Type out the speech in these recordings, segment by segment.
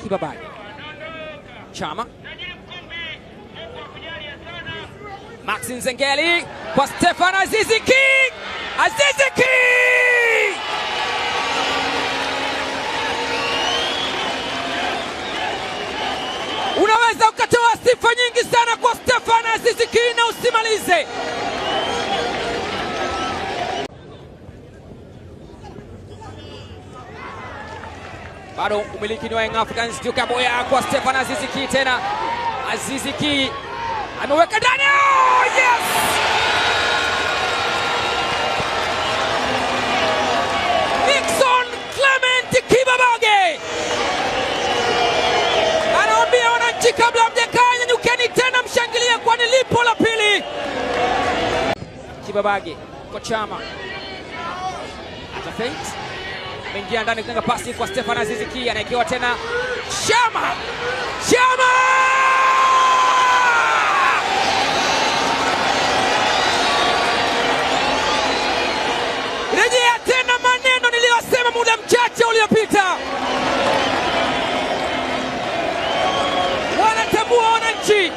Kibabani. Chama Maxi Nzengeli kwa Stefan Azizi Ki, Azizi Ki unaweza ukatoa sifa nyingi sana kwa Stefan Azizi Ki na usimalize. bado umiliki ni wa Young Africans. Duke Aboya kwa Stefan Azizi Ki tena, Azizi Ki ameweka ndani, oh, yes! Nixon Clement Kibabage anaambia wananchi, kabla hamjakaa, nyanyukeni tena, mshangilie, kwani lipo la pili. Kibabage kwa Chama atafeint ameingia ndani kutenga pasi kwa Stefan Aziz anaekewa tena Chama Chama rejea tena maneno niliyosema muda mchache uliopita. Wanatambua wananchi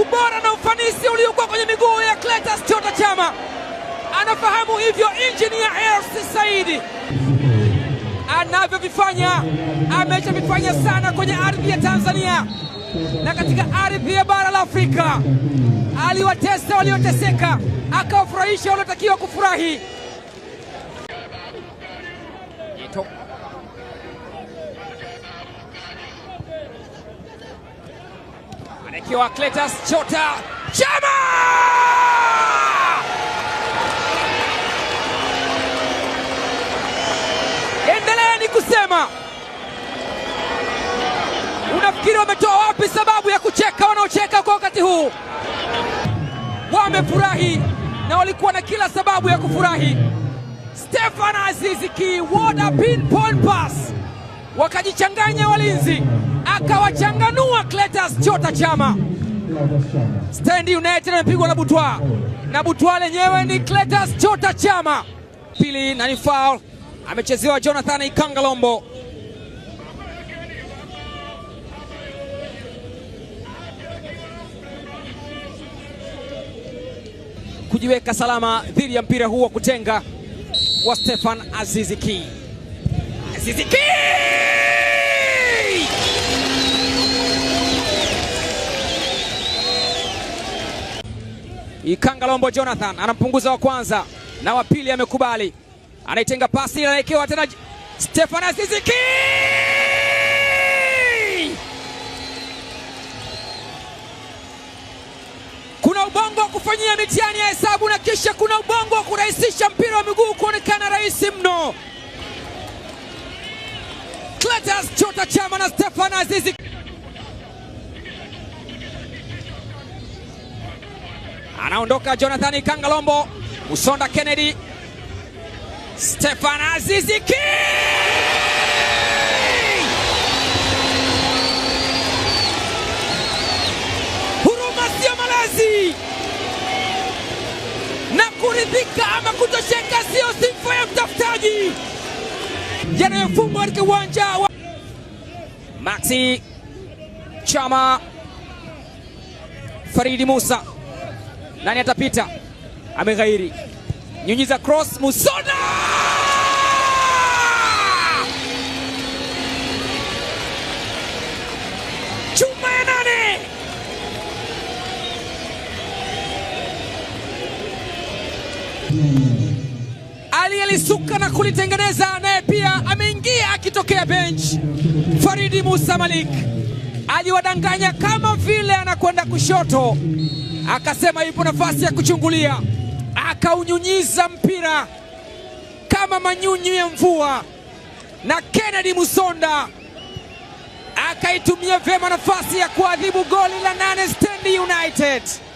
ubora na ufanisi uliokuwa kwenye miguu ya kletas Chota Chama anafahamu hivyo injinia Hersi Saidi anavyovifanya, ameshavifanya sana kwenye ardhi ya Tanzania na katika ardhi ya bara la Afrika. Aliwatesa walioteseka, akawafurahisha waliotakiwa kufurahi. Jeto anaekiwa Cletus Chota Chama Unafikiri wametoa wapi sababu ya kucheka wanaocheka kwa wakati huu? Wamefurahi na walikuwa na kila sababu ya kufurahi. Stefan Aziz Ki, what a pinpoint pass! Wakajichanganya walinzi, akawachanganua Cletus Chota Chama. Stand United amepigwa na Butwa na Butwa lenyewe ni Cletus Chota Chama. Pili na ni foul amechezewa Jonathan Ikangalombo. kujiweka salama dhidi ya mpira huu wa kutenga wa Stefan Aziziki. Aziziki! Ikanga Lombo Jonathan anampunguza wa kwanza na wa pili amekubali, anaitenga pasi, anaekewa tena Stefan Aziziki! kuna ubongo wa kufanyia mitihani ya hesabu na kisha kuna ubongo wa kurahisisha mpira wa miguu kuonekana rahisi mno. Clatous Chota Chama na Stefan Azizi anaondoka. Jonathan Kangalombo, Musonda Kennedy, Stefan Azizi Ki kuridhika ama kutosheka sio sifa ya mtafutaji. Yanayofungwa katika uwanja wa Maxi Chama, Faridi Musa, nani atapita? Ameghairi, nyunyiza cross, Musona aliyelisuka na kulitengeneza naye pia ameingia akitokea bench Faridi Musa Malik aliwadanganya kama vile anakwenda kushoto, akasema ipo nafasi ya kuchungulia, akaunyunyiza mpira kama manyunyu ya mvua, na Kennedy Musonda akaitumia vyema nafasi ya kuadhibu goli la nane Stand United.